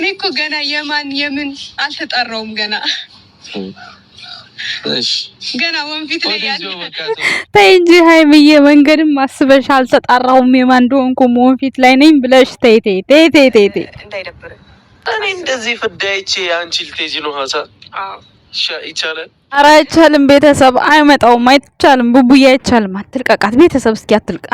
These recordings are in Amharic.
እኔ እኮ ገና የማን የምን አልተጠራውም ገና ገና ወንፊት ላይ ያለ ተይ እንጂ ሀይምዬ፣ መንገድም አስበሽ አልተጣራውም የማን እንደሆንኩ ወንፊት ላይ ነኝ ብለሽ ተይ ተይ ተይ ተይ ተይ ተይ እንዳይደብር እኔ እንደዚህ ፍዳይቼ አንቺ ልትሄጂ ነው ሀሳብ ይቻላል። ኧረ አይቻልም። ቤተሰብ አይመጣውም። አይቻልም። ቡቡዬ አይቻልም። አትልቀቃት ቤተሰብ፣ እስኪ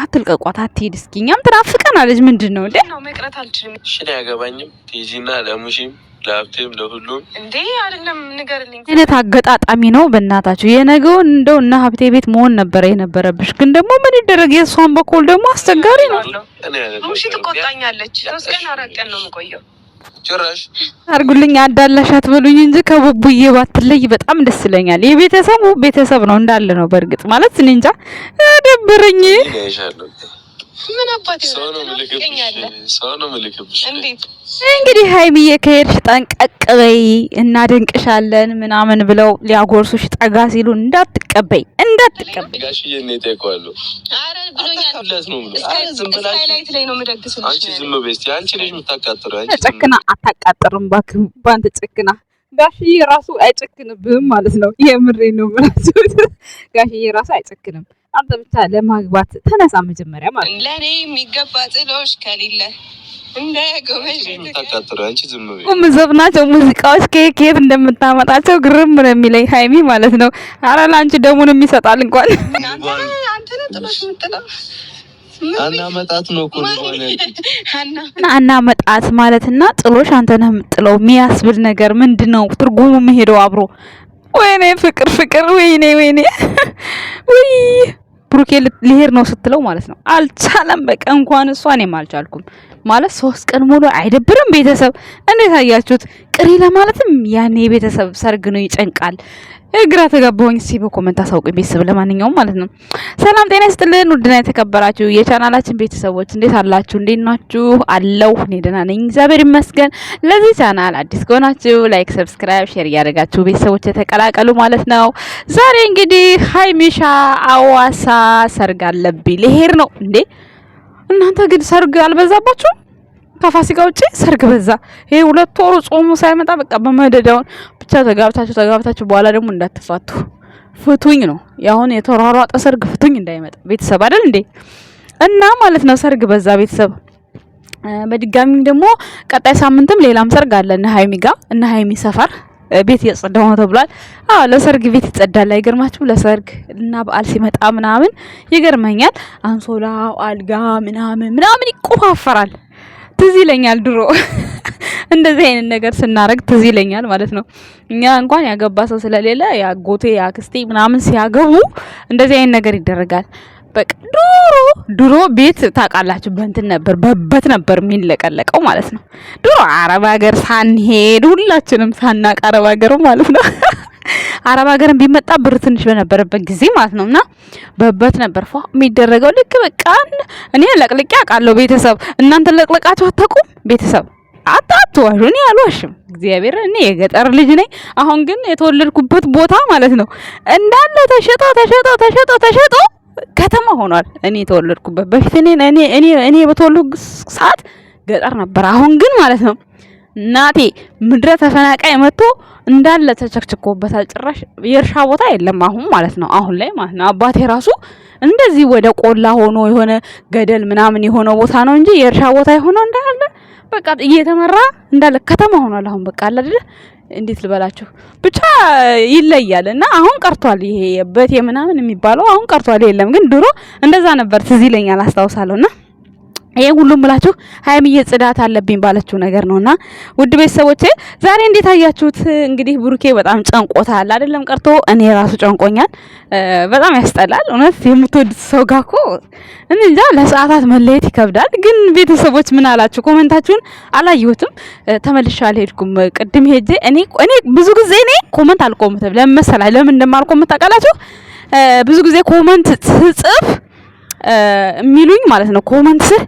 አትልቀቋት፣ አትሄድ እስኪ። እኛም ትናፍቀናለች። ምንድን ነው እንዴ? መቅረት አልችልም። እሺ፣ አያገባኝም። ቲጂና ለሙሽም ለሀብቴም ለሁሉም እንዴ አይደለም፣ ንገርልኝ። አይነት አገጣጣሚ ነው። በእናታችሁ የነገው እንደው እና ሀብቴ ቤት መሆን ነበረ የነበረብሽ። ግን ደግሞ ምን ይደረግ፣ የእሷን በኩል ደግሞ አስቸጋሪ ነው። ሙሺ ትቆጣኛለች። ሶስት ቀን አራት ቀን ነው የምቆየው ጭራሽ አርጉልኝ አዳላሻት በሉኝ እንጂ ከቡቡዬ ባትለይ በጣም ደስ ይለኛል። የቤተሰቡ ቤተሰብ ነው እንዳለ ነው። በእርግጥ ማለት እኔ እንጃ ደብረኝ ምን አባቴ እንግዲህ ሀይሚዬ ከሄድሽ ጠንቀቅ በይ እናደንቅሻለን ምናምን ብለው ሊያጎርሱሽ ጠጋ ሲሉ እንዳትቀበይ እንዳትቀበይ ጨክና አታቃጥርም። ባንተ ጨክና ጋሽዬ ራሱ አይጨክንብህም ማለት ነው። የምሬ ነው። ጋሽዬ ራሱ አይጨክንም። አንተ ብቻ ለማግባት ተነሳ መጀመሪያ ማለት ነው። ለእኔ የሚገባ ጥሎሽ ከሌለ ቁም ዘብ ናቸው ሙዚቃዎች ከየት ከየት እንደምታመጣቸው ግርም ነው የሚለኝ ሀይሚ ማለት ነው። አረ ለአንቺ ደሙን የሚሰጣል እንኳን አና መጣት ማለትና ጥሎሽ አንተ ነህ የምጥለው የሚያስብል ነገር ምንድን ነው? ትርጉሙ መሄደው አብሮ ወይኔ ፍቅር ፍቅር ወይኔ ወይኔ ወይ ብሩኬ ልሄድ ነው ስትለው ማለት ነው አልቻለም። በቃ እንኳን እሷ እኔም አልቻልኩም። ማለት ሶስት ቀን ሙሉ አይደብርም? ቤተሰብ እንዴት አያችሁት? ቅሪ ለማለትም ያኔ የቤተሰብ ሰርግ ነው፣ ይጨንቃል። ግራ ተጋባሁኝ። እስኪ በኮመንት አሳውቁኝ ቤተሰብ። ለማንኛውም ማለት ነው ሰላም ጤና ይስጥልን ውድና የተከበራችሁ የቻናላችን ቤተሰቦች እንዴት አላችሁ? እንዴት ናችሁ? አለው እኔ ደህና ነኝ እግዚአብሔር ይመስገን። ለዚህ ቻናል አዲስ ከሆናችሁ ላይክ፣ ሰብስክራይብ፣ ሼር እያደረጋችሁ ቤተሰቦች የተቀላቀሉ ማለት ነው። ዛሬ እንግዲህ ሀይሚሻ አዋሳ ሰርግ አለብኝ ልሄድ ነው እንዴ እናንተ ግን ሰርግ አልበዛባችሁም? ከፋሲካ ውጪ ሰርግ በዛ። ይሄ ሁለት ወሩ ጾሙ ሳይመጣ በቃ በመደዳውን ብቻ ተጋብታችሁ ተጋብታችሁ በኋላ ደግሞ እንዳትፋቱ ፍቱኝ ነው ያሁን የተሯሯጠ ሰርግ ፍቱኝ እንዳይመጣ ቤተሰብ አይደል እንዴ? እና ማለት ነው ሰርግ በዛ ቤተሰብ። በድጋሚ ደግሞ ቀጣይ ሳምንትም ሌላም ሰርግ አለ እነ ሀይሚ ጋ እነ ሀይሚ ሰፈር ቤት እየተጸዳ ነው ተብሏል። አዎ ለሰርግ ቤት ይጸዳል። አይገርማችሁም? ለሰርግ እና በዓል ሲመጣ ምናምን ይገርመኛል። አንሶላ፣ አልጋ ምናምን ምናምን ይቆፋፈራል። ትዝ ይለኛል ድሮ እንደዚህ አይነት ነገር ስናረግ ትዝ ይለኛል ማለት ነው። እኛ እንኳን ያገባ ሰው ስለሌለ ያጎቴ ያክስቴ ምናምን ሲያገቡ እንደዚህ አይነት ነገር ይደረጋል። በቃ ድሮ ድሮ ቤት ታውቃላችሁ በእንትን ነበር በበት ነበር የሚለቀለቀው ማለት ነው። ድሮ አረብ ሀገር ሳንሄድ ሁላችንም ሳናቅ አረብ ሀገር ማለት ነው። አረብ ሀገርን ቢመጣ ብር ትንሽ በነበረበት ጊዜ ማለት ነው። እና በበት ነበር ፏ የሚደረገው ልክ በቃ እኔ ለቅልቄ አውቃለሁ። ቤተሰብ እናንተ ለቅልቃችሁ አታውቁም። ቤተሰብ አታዋሹ። እኔ አልዋሽም። እግዚአብሔር እኔ የገጠር ልጅ ነኝ። አሁን ግን የተወለድኩበት ቦታ ማለት ነው እንዳለ ተሸጦ ተሸጦ ተሸጦ ተሸጦ ከተማ ሆኗል። እኔ የተወለድኩበት በፊት እኔ እኔ እኔ በተወለድኩ ሰዓት ገጠር ነበር። አሁን ግን ማለት ነው ናቴ ምድረ ተፈናቃይ መጥቶ እንዳለ ተቸክችኮበታል። ጭራሽ የእርሻ ቦታ የለም አሁን ማለት ነው፣ አሁን ላይ ማለት ነው። አባቴ ራሱ እንደዚህ ወደ ቆላ ሆኖ የሆነ ገደል ምናምን የሆነ ቦታ ነው እንጂ የእርሻ ቦታ የሆነው እንዳለ በቃ እየተመራ እንዳለ ከተማ ሆኗል። አሁን በቃ አለ አይደለ እንዴት ልበላችሁ ብቻ ይለያል። እና አሁን ቀርቷል ይሄ በቴ ምናምን የሚባለው አሁን ቀርቷል የለም። ግን ድሮ እንደዛ ነበር ትዝ ይለኛል፣ አስታውሳለሁ እና ይሄ ሁሉም ብላችሁ ሀይሚዬ ጽዳት አለብኝ ባለችው ነገር ነውና፣ ውድ ቤተሰቦቼ ዛሬ እንዴት አያችሁት? እንግዲህ ብሩኬ በጣም ጨንቆታል። አይደለም ቀርቶ እኔ ራሱ ጨንቆኛል። በጣም ያስጠላል። እውነት የምትወዱት ሰው ጋር እኮ እንጃ ለሰዓታት መለየት ይከብዳል። ግን ቤተሰቦች ምን አላችሁ? ኮመንታችሁን አላየሁትም። ተመልሼ አልሄድኩም። ቅድም ሄጄ እኔ እኔ ብዙ ጊዜ እኔ ኮመንት አልቆምትም። ለምን መሰላችሁ? ለምን እንደማልቆምት ታውቃላችሁ? ብዙ ጊዜ ኮመንት ስጽፍ የሚሉኝ ማለት ነው። ኮመንት ስር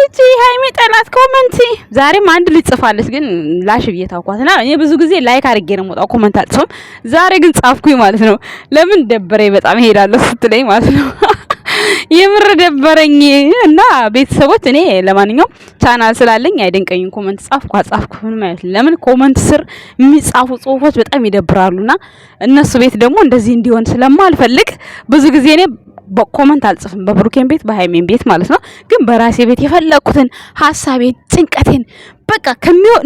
ይቺ ሃይሚ ጠላት ኮመንት ዛሬም አንድ ልጅ ጽፋለች፣ ግን ላሽ ብዬ እኔ ብዙ ጊዜ ላይክ አድርጌ ነው የምወጣው፣ ኮመንት አልጽፍም። ዛሬ ግን ጻፍኩኝ ማለት ነው። ለምን ደበረኝ በጣም እሄዳለሁ ስትለኝ ማለት ነው። የምር ደበረኝ እና ቤተሰቦች፣ እኔ ለማንኛውም ቻናል ስላለኝ አይደንቀኝም። ኮመንት ጻፍኩ አጻፍኩ ምንም አይነት ለምን ኮመንት ስር የሚጻፉ ጽሁፎች በጣም ይደብራሉና እነሱ ቤት ደግሞ እንደዚህ እንዲሆን ስለማልፈልግ ብዙ ጊዜ እኔ ኮመንት አልጽፍም፣ በብሩኬን ቤት በሃይሜን ቤት ማለት ነው። ግን በራሴ ቤት የፈለኩትን ሀሳቤን፣ ጭንቀቴን በቃ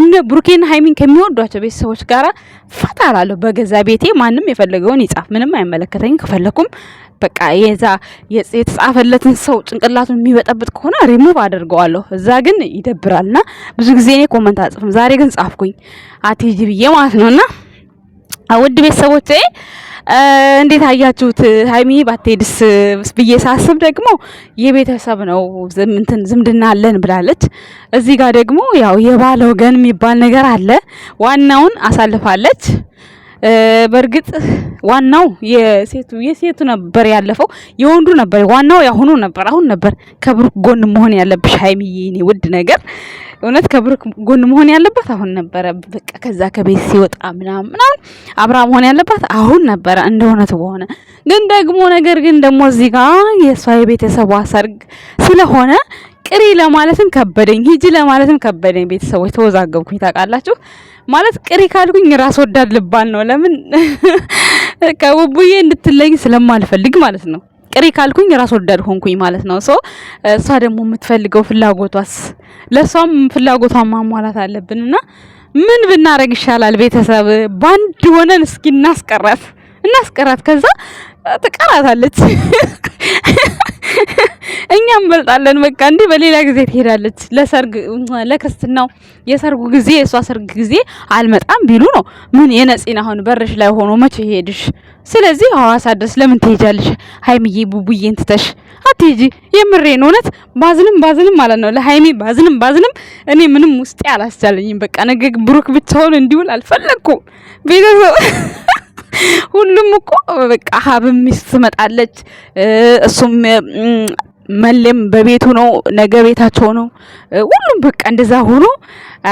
እነ ብሩኬን ሃይሚን ከሚወዷቸው ቤተሰቦች ጋራ ፈታ እላለሁ በገዛ ቤቴ። ማንም የፈለገውን ይጻፍ፣ ምንም አይመለከተኝም። ከፈለኩም በቃ የዛ የተጻፈለትን ሰው ጭንቅላቱን የሚበጠብጥ ከሆነ ሪሙቭ አድርገዋለሁ። እዛ ግን ይደብራልና ብዙ ጊዜ እኔ ኮመንት አልጽፍም። ዛሬ ግን ጻፍኩኝ አትሂጂ ብዬ ማለት ነውና ውድ ቤተሰቦቼ እንዴት አያችሁት? ሀይሚ ባትሄድስ ብዬ ሳስብ ደግሞ የቤተሰብ ነው እንትን ዝምድና አለን ብላለች። እዚህ ጋር ደግሞ ያው የባለ ወገን የሚባል ነገር አለ። ዋናውን አሳልፋለች። በእርግጥ ዋናው የሴቱ የሴቱ ነበር ያለፈው፣ የወንዱ ነበር ዋናው፣ ያሁኑ ነበር። አሁን ነበር ከብሩክ ጎን መሆን ያለብሽ ሀይሚዬ፣ የኔ ውድ ነገር እውነት ከብሩክ ጎን መሆን ያለባት አሁን ነበረ። በቃ ከዛ ከቤት ሲወጣ ምናምን ምናምን አብራ መሆን ያለባት አሁን ነበረ እንደ እውነቱ በሆነ ግን ደግሞ ነገር ግን ደግሞ እዚህ ጋር የእሷ የቤተሰቧ ሰርግ ስለሆነ ቅሪ ለማለትም ከበደኝ፣ ሂጂ ለማለትም ከበደኝ። ቤተሰቦች ተወዛገብኩኝ፣ ታውቃላችሁ። ማለት ቅሪ ካልኩኝ ራስ ወዳድ ልባል ነው። ለምን ከውቡዬ እንድትለኝ ስለማልፈልግ ማለት ነው። ፍቅሬ ካልኩኝ ራስ ወዳድ ሆንኩኝ ማለት ነው። ሶ እሷ ደግሞ የምትፈልገው ፍላጎቷስ ለእሷም ፍላጎቷን ማሟላት አለብን እና ምን ብናረግ ይሻላል? ቤተሰብ ባንድ ሆነን እስኪ እናስቀራት እናስቀራት። ከዛ ትቀራታለች። እኛ እንበልጣለን። በቃ እንዴ በሌላ ጊዜ ትሄዳለች ለሰርግ ለክርስትናው የሰርጉ ጊዜ የእሷ ሰርግ ጊዜ አልመጣም ቢሉ ነው ምን የነፂን አሁን በርሽ ላይ ሆኖ መቼ ሄድሽ? ስለዚህ ሐዋሳ ድረስ ለምን ትሄጃለሽ? ሀይሚዬ ቡቡዬን ትተሽ አትሄጂ። የምሬን እውነት ባዝንም ባዝንም ማለት ነው ለሀይሚ ባዝንም ባዝንም እኔ ምንም ውስጤ አላስቻለኝም። በቃ ነገ ብሩክ ብቻውን እንዲውል አልፈለኩም ቤተሰብ ሁሉም እኮ በቃ ሀብም ሚስት ትመጣለች። እሱም መሌም በቤቱ ነው፣ ነገ ቤታቸው ነው። ሁሉም በቃ እንደዛ ሆኖ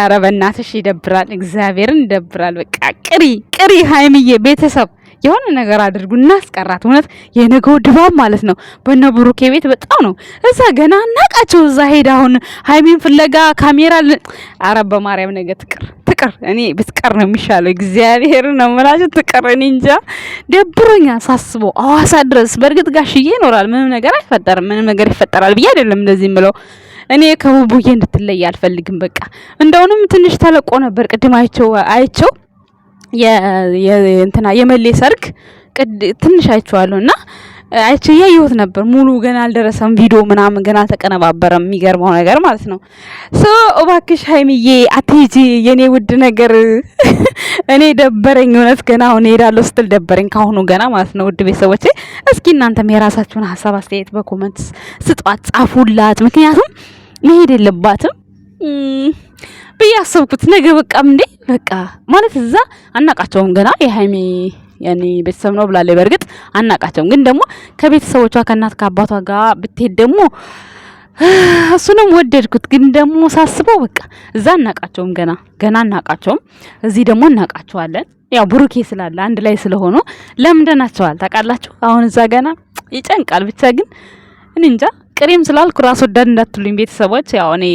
ኧረ በእናትሽ ይደብራል፣ እግዚአብሔርን ይደብራል። በቃ ቅሪ ቅሪ ሀይሚዬ ቤተሰብ የሆነ ነገር አድርጉ፣ እናስቀራት። እውነት የነገው ድባብ ማለት ነው በነ ብሩኬ ቤት በጣም ነው። እዛ ገና እናቃቸው እዛ ሄድ አሁን ሀይሚን ፍለጋ ካሜራ አረ በማርያም ነገ ትቅር ትቅር። እኔ ብትቀር ነው የሚሻለው። እግዚአብሔር ነው የምላቸው ትቅር። እኔ እንጃ ደብሮኛ ሳስቦ አዋሳ ድረስ። በእርግጥ ጋሽዬ ይኖራል፣ ምንም ነገር አይፈጠርም፣ ምንም ነገር ይፈጠራል ብዬ አይደለም እንደዚህ የምለው እኔ ከቡቡዬ እንድትለይ አልፈልግም። በቃ እንደውንም ትንሽ ተለቆ ነበር ቅድም አይቸው አይቸው የእንትና የመሌ ሰርግ ትንሽ አይቸዋለሁ እና አይቼ እያየሁት ነበር። ሙሉ ገና አልደረሰም፣ ቪዲዮ ምናምን ገና አልተቀነባበረም። የሚገርመው ነገር ማለት ነው። ሶ እባክሽ ሀይሚዬ አትሂጂ የኔ ውድ ነገር። እኔ ደበረኝ እውነት፣ ገና አሁን እሄዳለሁ ስትል ደበረኝ፣ ካሁኑ ገና ማለት ነው። ውድ ቤተሰቦች እስኪ እናንተም የራሳችሁን ሀሳብ አስተያየት በኮመንት ስጧት፣ ጻፉላት። ምክንያቱም መሄድ የለባትም ብዬ አሰብኩት። ነገ በቃም እንዴ በቃ ማለት እዛ አናቃቸውም ገና የሀይሜ ያኔ ቤተሰብ ነው ብላለች። በእርግጥ አናቃቸውም፣ ግን ደግሞ ከቤተሰቦቿ ከእናት ከአባቷ ጋር ብትሄድ ደግሞ እሱንም ወደድኩት። ግን ደግሞ ሳስበው በቃ እዛ አናቃቸውም፣ ገና ገና አናቃቸውም። እዚህ ደግሞ እናቃቸዋለን። ያው ብሩኬ ስላለ አንድ ላይ ስለሆኑ ለምደናቸዋል። ታውቃላችሁ፣ አሁን እዛ ገና ይጨንቃል። ብቻ ግን እኔ እንጃ ቅሬም ስላልኩ ራስ ወዳድ እንዳትሉኝ ቤተሰቦች። ያው እኔ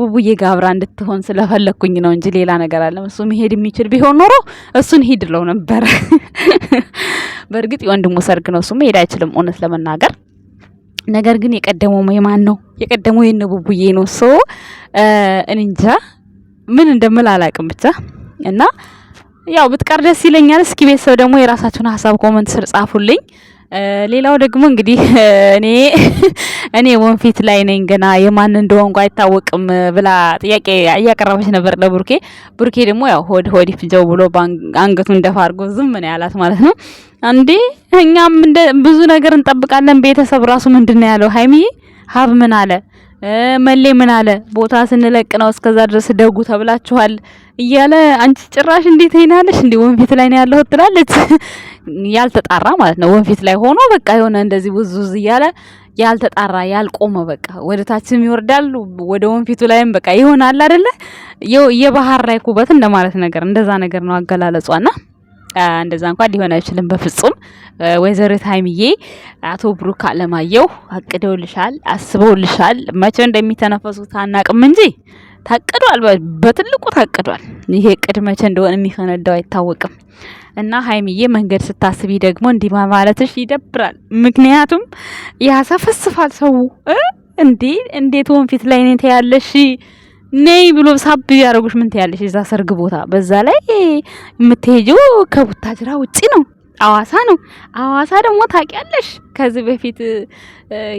ቡቡዬ ጋር አብራ እንድትሆን ስለፈለግኩኝ ነው እንጂ ሌላ ነገር አለም። እሱ መሄድ የሚችል ቢሆን ኖሮ እሱን ሂድ ለው በእርግጥ የወንድሙ ሰርግ ነው፣ እሱም መሄድ አይችልም እውነት ለመናገር ነገር ግን የቀደመው የማን ነው? የቀደመው የነ ቡቡዬ ነው። ሶ እንጃ ምን እንደምል አላቅም ብቻ እና ያው ብትቀር ደስ ይለኛል። እስኪ ቤተሰብ ደግሞ የራሳችሁን ሀሳብ ኮመንት ስር ጻፉልኝ። ሌላው ደግሞ እንግዲህ እኔ እኔ ወንፊት ላይ ነኝ ገና የማን እንደሆንኩ አይታወቅም ብላ ጥያቄ እያቀረበች ነበር ለቡርኬ። ቡርኬ ደግሞ ያው ሆድ ሆድ ፍጀው ብሎ አንገቱ እንደፋርጎ ዝም ምን ያላት ማለት ነው። እንዴ እኛም ብዙ ነገር እንጠብቃለን። ቤተሰብ ራሱ ምንድን ነው ያለው? ሀይሚ ሀብ ምን አለ? መሌ ምን አለ ቦታ ስንለቅ ነው እስከዛ ድረስ ደጉ ተብላችኋል እያለ አንቺ ጭራሽ እንዴት ይናለሽ እንዴ ወንፊት ላይ ነው ያለሁት ትላለች። ያልተጣራ ማለት ነው። ወንፊት ላይ ሆኖ በቃ የሆነ እንደዚህ ውዝ እያለ ያልተጣራ ያልቆመ በቃ ወደ ታችም ይወርዳል ወደ ወንፊቱ ላይም በቃ ይሆናል አይደለ የባህር ላይ ኩበት እንደማለት ነገር እንደዛ ነገር ነው አገላለጿና እንደዛ እንኳን ሊሆን አይችልም በፍጹም። ወይዘሪት ሀይሚዬ አቶ ብሩክ አለማየሁ አቅደውልሻል፣ አስበውልሻል። መቼ እንደሚተነፈሱት አናቅም እንጂ ታቅዷል፣ በትልቁ ታቅዷል። ይሄ እቅድ መቼ እንደሆነ የሚፈነዳው አይታወቅም። እና ሀይሚዬ መንገድ ስታስቢ ደግሞ እንዲህ ማለትሽ ይደብራል። ምክንያቱም ያሰፈስፋል ሰው እንዴ እንዴት ወንፊት ላይ ነኝ ያለሽ ነይ ብሎ ሳብ ቢያደርጉሽ ምን ትያለሽ? እዛ ሰርግ ቦታ በዛ ላይ የምትሄጂው ከቡታጅራ ውጪ ነው፣ አዋሳ ነው። አዋሳ ደግሞ ታውቂያለሽ፣ ከዚህ በፊት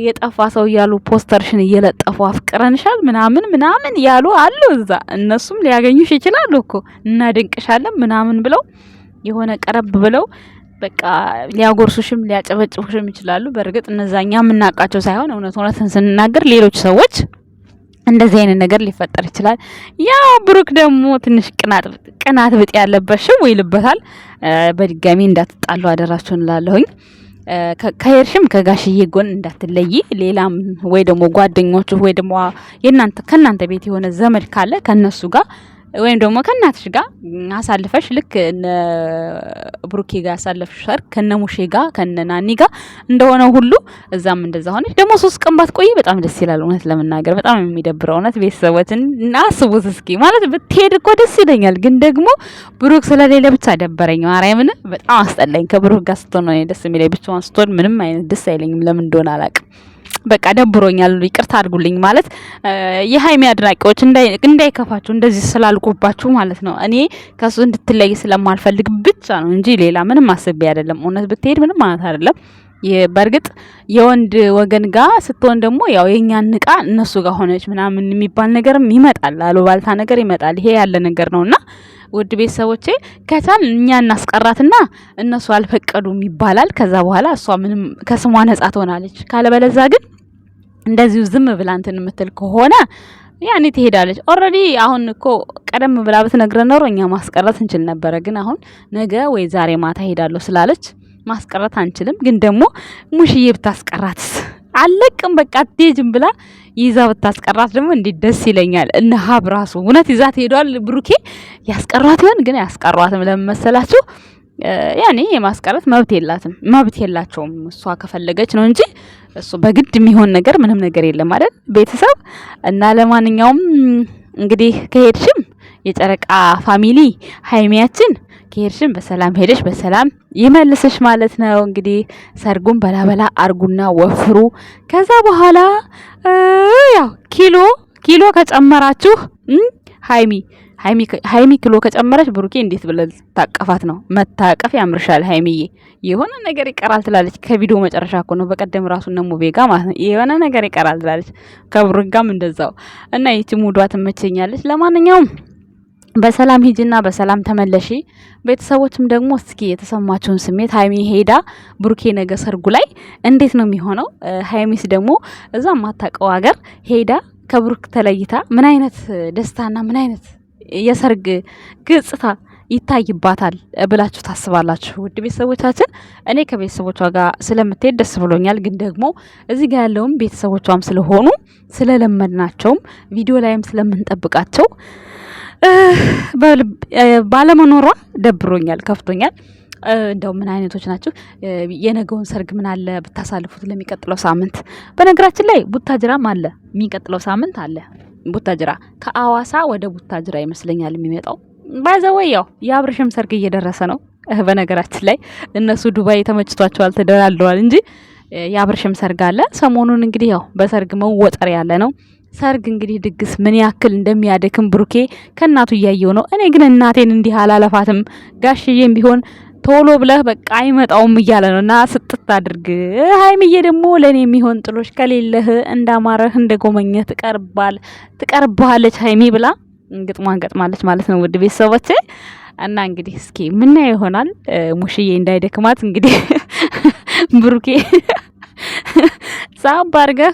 የጠፋ ሰው እያሉ ፖስተርሽን እየለጠፉ አፍቅረንሻል ምናምን ምናምን ያሉ አሉ። እዛ እነሱም ሊያገኙሽ ይችላሉ እኮ እናድንቅሻለን ምናምን ብለው የሆነ ቀረብ ብለው በቃ ሊያጎርሱሽም ሊያጨበጭቡሽም ይችላሉ። በእርግጥ እነዛኛ የምናውቃቸው ሳይሆን እውነት እውነትን ስንናገር ሌሎች ሰዎች እንደዚህ አይነት ነገር ሊፈጠር ይችላል። ያው ብሩክ ደግሞ ትንሽ ቅናት ብጤ ያለበት ሽው ይልበታል። በድጋሚ እንዳትጣሉ አደራችሁን እላለሁኝ። ከሄድሽም ከጋሽዬ ጎን እንዳትለይ። ሌላም ወይ ደግሞ ጓደኞቹ ወይ ደግሞ የእናንተ ከእናንተ ቤት የሆነ ዘመድ ካለ ከእነሱ ጋር ወይም ደግሞ ከእናትሽ ጋር አሳልፈሽ ልክ እነ ብሩኬ ጋር ያሳለፍሽ ሰርግ ከነ ሙሼ ጋር ከነ ናኒ ጋር እንደሆነ ሁሉ እዛም እንደዛ ሆነች። ደግሞ ሶስት ቀን ባትቆይ በጣም ደስ ይላል። እውነት ለመናገር በጣም የሚደብረው እውነት ቤተሰቦችን አስቡት እስኪ። ማለት ብትሄድ እኮ ደስ ይለኛል፣ ግን ደግሞ ብሩክ ስለሌለ ብቻ ደበረኝ። ማርያምን በጣም አስጠላኝ። ከብሩክ ጋር ስትሆን ነው ደስ የሚለኝ፣ ብቻዋን ስትሆን ምንም አይነት ደስ አይለኝም። ለምን እንደሆነ አላውቅም። በቃ ደብሮኛል፣ ይቅርታ አድርጉልኝ ማለት የሀይሚ አድናቂዎች እንዳይከፋችሁ እንደዚህ ስላልኩባችሁ ማለት ነው። እኔ ከሱ እንድትለይ ስለማልፈልግ ብቻ ነው እንጂ ሌላ ምንም አስቤ አይደለም። እውነት ብትሄድ ምንም ማለት አይደለም። በእርግጥ የወንድ ወገን ጋር ስትሆን ደግሞ ያው የእኛን ንቃ እነሱ ጋር ሆነች ምናምን የሚባል ነገርም ይመጣል፣ አሉባልታ ነገር ይመጣል። ይሄ ያለ ነገር እና ውድ ቤተሰቦቼ ከቻል እኛ እናስቀራትና እነሱ አልፈቀዱም ይባላል። ከዛ በኋላ እሷ ምንም ከስሟ ነጻ ትሆናለች። ካለበለዛ ግን እንደዚሁ ዝም ብላ እንትን የምትል ከሆነ ያኔ ትሄዳለች። ኦልሬዲ አሁን እኮ ቀደም ብላ ብትነግረን ኖሮ እኛ ማስቀረት እንችል ነበረ። ግን አሁን ነገ ወይ ዛሬ ማታ ሄዳለሁ ስላለች ማስቀረት አንችልም። ግን ደግሞ ሙሽዬ ብታስቀራትስ አለቅም በቃ አትሄጂም ብላ ይዛ ብታስቀራት ደግሞ እንዴት ደስ ይለኛል። እነ ሀብ ራሱ እውነት ይዛት ሄዷል። ብሩኬ ያስቀሯት ይሆን ግን ለምን መሰላችሁ? ያኔ የማስቀረት መብት የላትም መብት የላቸውም። እሷ ከፈለገች ነው እንጂ እሱ በግድ የሚሆን ነገር ምንም ነገር የለም አይደል ቤተሰብ እና ለማንኛውም እንግዲህ ከሄድሽም የጨረቃ ፋሚሊ ሀይሚያችን ከሄድሽም በሰላም ሄደሽ በሰላም ይመልስሽ ማለት ነው። እንግዲህ ሰርጉን በላበላ አርጉና ወፍሩ። ከዛ በኋላ ያው ኪሎ ኪሎ ከጨመራችሁ ሀይሚ ሀይሚ ኪሎ ከጨመረች ብሩኬ እንዴት ብለ ታቀፋት ነው? መታቀፍ ያምርሻል ሀይሚዬ፣ የሆነ ነገር ይቀራል ትላለች። ከቪዲዮ መጨረሻ እኮ ነው። በቀደም ራሱ ነሞ ሙቤ ማለት ነው የሆነ ነገር ይቀራል ትላለች። ከብሩጋም እንደዛው እና ይቺ ሙዷ ትመቸኛለች። ለማንኛውም በሰላም ሂጅና በሰላም ተመለሺ። ቤተሰቦችም ደግሞ እስኪ የተሰማችውን ስሜት ሀይሚ ሄዳ ብሩኬ ነገ ሰርጉ ላይ እንዴት ነው የሚሆነው? ሀይሚስ ደግሞ እዛ ማታቀው ሀገር ሄዳ ከብሩክ ተለይታ ምን አይነት ደስታና ምን አይነት የሰርግ ገጽታ ይታይባታል ብላችሁ ታስባላችሁ? ውድ ቤተሰቦቻችን፣ እኔ ከቤተሰቦቿ ጋር ስለምትሄድ ደስ ብሎኛል። ግን ደግሞ እዚህ ጋር ያለውም ቤተሰቦቿም ስለሆኑ ስለለመድናቸውም ቪዲዮ ላይም ስለምንጠብቃቸው ባለመኖሯ ደብሮኛል፣ ከፍቶኛል። እንደው ምን አይነቶች ናቸው? የነገውን ሰርግ ምን አለ ብታሳልፉት ለሚቀጥለው ሳምንት። በነገራችን ላይ ቡታጅራም አለ፣ የሚቀጥለው ሳምንት አለ። ቡታጅራ ከአዋሳ ወደ ቡታጅራ ይመስለኛል የሚመጣው። ባይዘወይ ያው የአብርሽም ሰርግ እየደረሰ ነው። በነገራችን ላይ እነሱ ዱባይ ተመችቷቸዋል፣ ተደላድለዋል እንጂ የአብርሽም ሰርግ አለ። ሰሞኑን እንግዲህ ያው በሰርግ መወጠር ያለ ነው። ሰርግ እንግዲህ ድግስ ምን ያክል እንደሚያደክም ብሩኬ ከእናቱ እያየው ነው። እኔ ግን እናቴን እንዲህ አላለፋትም። ጋሽዬም ቢሆን ቶሎ ብለህ በቃ አይመጣውም እያለ ነው እና ስጥት አድርግ። ሀይምዬ ደግሞ ለእኔ የሚሆን ጥሎሽ ከሌለህ እንዳማረህ እንደጎመኘህ ትቀርባል ትቀርባለች ሀይሚ ብላ ግጥሟን ገጥማለች ማለት ነው። ውድ ቤተሰቦቼ እና እንግዲህ እስኪ ምናየው ይሆናል። ሙሽዬ እንዳይደክማት እንግዲህ ብሩኬ ሳብ አድርገህ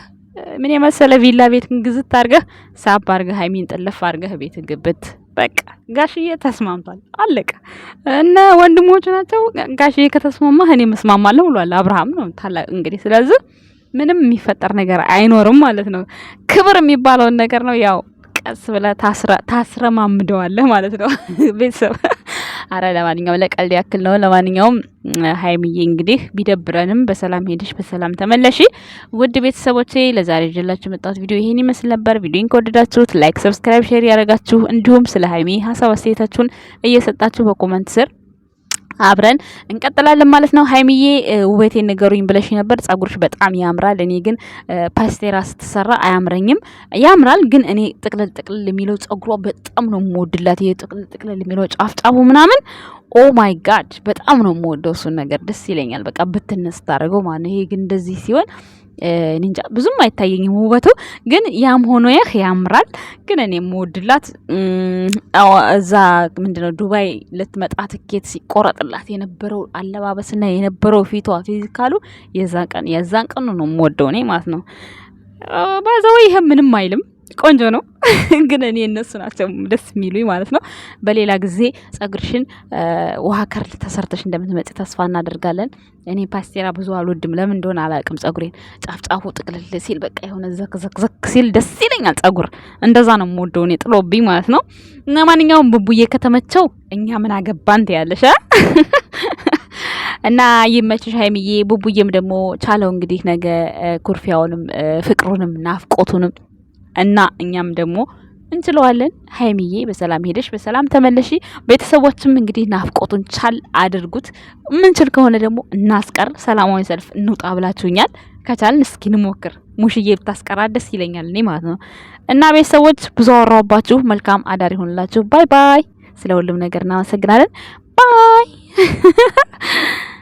ምን የመሰለ ቪላ ቤት ግዝት አድርገህ ሳብ አድርገህ ሀይሚን ጥልፍ አርገህ ቤት ግብት በቃ ጋሽዬ ተስማምቷል፣ አለቀ። እነ ወንድሞቹ ናቸው። ጋሽዬ ከተስማማ እኔ መስማማለሁ ብሏል። አብርሃም ነው ታላቅ እንግዲህ። ስለዚህ ምንም የሚፈጠር ነገር አይኖርም ማለት ነው። ክብር የሚባለውን ነገር ነው ያው ቀስ ብለህ ታስረማምደዋለህ ማለት ነው ቤተሰብ አረ ለማንኛውም ለቀልድ ያክል ነው። ለማንኛውም ሀይሚዬ እንግዲህ ቢደብረንም በሰላም ሄድሽ በሰላም ተመለሺ። ውድ ቤተሰቦቼ ለዛሬ ጀላችሁ መጣሁት ቪዲዮ ይሄን ይመስል ነበር። ቪዲዮን ከወደዳችሁት ላይክ፣ ሰብስክራይብ፣ ሼር ያደረጋችሁ እንዲሁም ስለ ሀይሚ ሀሳብ አስተያየታችሁን እየሰጣችሁ በኮመንት ስር አብረን እንቀጥላለን ማለት ነው። ሀይሚዬ ውበቴን ንገሩኝ ብለሽ ነበር። ጸጉርሽ በጣም ያምራል። እኔ ግን ፓስቴራ ስትሰራ አያምረኝም። ያምራል ግን እኔ ጥቅልል ጥቅልል የሚለው ጸጉሯ በጣም ነው የምወድላት። ይሄ ጥቅልል ጥቅልል የሚለው ጫፍ ምናምን ኦ ማይ ጋድ በጣም ነው የምወደው እሱን ነገር፣ ደስ ይለኛል። በቃ ብትነስ ታደርገው ማለት ነው። ይሄ ግን እንደዚህ ሲሆን ኒንጃ ብዙም አይታየኝም ውበቱ። ግን ያም ሆኖ ይህ ያምራል። ግን እኔ የምወድላት እዛ ምንድነው ዱባይ ልትመጣ ትኬት ሲቆረጥላት የነበረው አለባበስና የነበረው ፊቷ ፊዚካሉ የዛን ቀን የዛን ቀኑ ነው የምወደው እኔ ማለት ነው። ባዛው ይሄ ምንም አይልም ቆንጆ ነው ግን እኔ እነሱ ናቸው ደስ የሚሉኝ ማለት ነው። በሌላ ጊዜ ጸጉርሽን ውሃ ከርል ተሰርተሽ እንደምትመጪ ተስፋ እናደርጋለን። እኔ ፓስቴራ ብዙ አልወድም፣ ለምን እንደሆነ አላውቅም። ጸጉሬን ጫፍጫፉ ጥቅልል ሲል በቃ የሆነ ዘክዘክዘክ ሲል ደስ ይለኛል። ጸጉር እንደዛ ነው የምወደው እኔ ጥሎብኝ ማለት ነው። እና ማንኛውም ብቡዬ ከተመቸው እኛ ምን አገባን ትያለሽ። እና ይመችሽ ሀይሚዬ። ቡቡዬም ደግሞ ቻለው እንግዲህ ነገ ኩርፊያውንም ፍቅሩንም ናፍቆቱንም እና እኛም ደግሞ እንችለዋለን። ሀይሚዬ በሰላም ሄደሽ በሰላም ተመለሺ። ቤተሰቦችም እንግዲህ ናፍቆቱን ቻል አድርጉት። ምንችል ከሆነ ደግሞ እናስቀር፣ ሰላማዊ ሰልፍ እንውጣ ብላችሁኛል። ከቻልን እስኪ እንሞክር። ሙሽዬ ብታስቀራ ደስ ይለኛል እኔ ማለት ነው። እና ቤተሰቦች ብዙ አወራሁባችሁ። መልካም አዳር ይሆንላችሁ። ባይ ባይ። ስለ ሁሉም ነገር እናመሰግናለን። ባይ